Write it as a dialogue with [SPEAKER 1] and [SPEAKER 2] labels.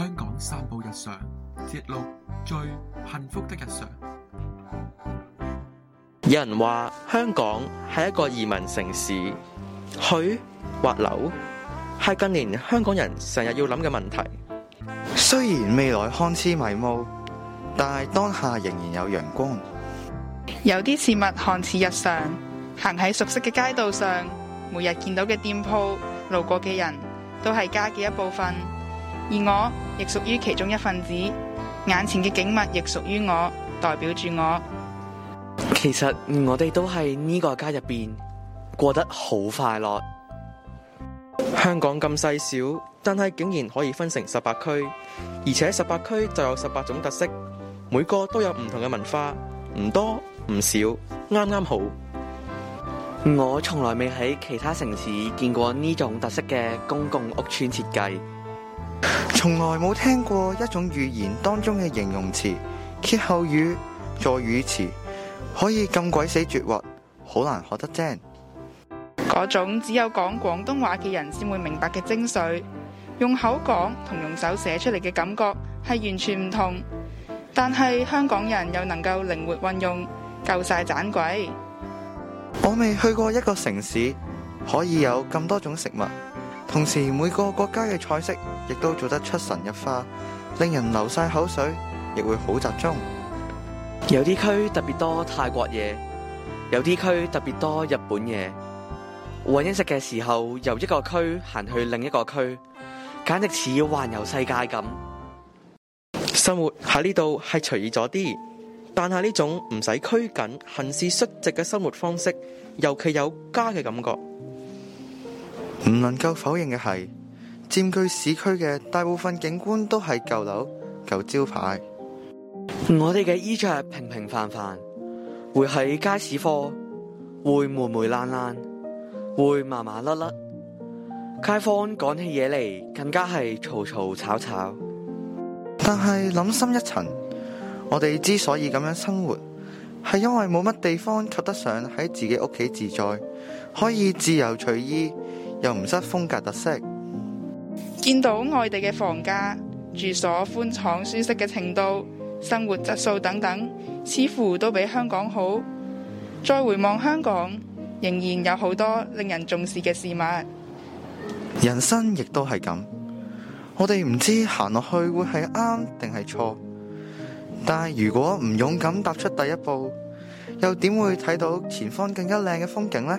[SPEAKER 1] 香港散步日常，節錄最幸福的日常。有人話香港係一個移民城市，去或留係近年香港人成日要諗嘅問題。雖然未來看似迷霧，但係當下仍然有
[SPEAKER 2] 陽光。
[SPEAKER 3] 有啲事物看似日常，嗯、行喺熟悉嘅街道上，每日見到嘅店鋪、路過嘅人都係家嘅一部分，而我，亦屬於其中一份子，眼前嘅景物亦屬於我，代表住我。
[SPEAKER 1] 其實我哋都係呢個家入邊過得好快樂。香港咁細小，但係竟然可以分成十八區，而且十八區就有十八種特色，每個都有唔同嘅文化，唔多唔少，啱啱好。我從來未喺其他城市見過呢種特色嘅公共屋邨設計。
[SPEAKER 2] 從來冇聽過一種語言當中嘅形容詞、歇後語、助語詞可以咁鬼死絕核，好難學得精。
[SPEAKER 3] 嗰種只有講廣東話嘅人先會明白嘅精髓，用口講同用手寫出嚟嘅感覺係完全唔同。但係香港人又能夠靈活運用，夠晒盞鬼。
[SPEAKER 2] 我未去過一個城市可以有咁多種食物。同時每個國家嘅菜式亦都做
[SPEAKER 1] 得出神入化，令人流晒口水，亦會好集中。有啲區特別多泰國嘢，有啲區特別多日本嘢。搵飲食嘅時候由一個區行去另一個區，簡直似要環遊世界咁。生活喺呢度係隨意咗啲，但係呢種唔使拘謹、行事率直嘅生活方式，尤其有家嘅感覺。
[SPEAKER 2] 唔能夠否認嘅係，佔據市區嘅大部
[SPEAKER 1] 分景觀都係舊樓、舊招牌。我哋嘅衣着平平凡凡，會喺街市貨，會霉霉爛爛，會麻麻粒粒。街坊講起嘢嚟，更加係嘈嘈吵吵。但係諗深一層，我哋之所以咁樣
[SPEAKER 2] 生活，係因為冇乜地方及得上喺自己屋企自在，可以自由隨意。又唔失風格特色，
[SPEAKER 3] 見到外地嘅房價、住所寬敞舒適嘅程度、生活質素等等，似乎都比香港好。再回望香港，仍然有好多令人重視嘅事物。
[SPEAKER 2] 人生亦都係咁，我哋唔知行落去會係啱定係錯，但係如果唔勇敢踏出第一步，又點會睇到前方更加靚嘅風景呢？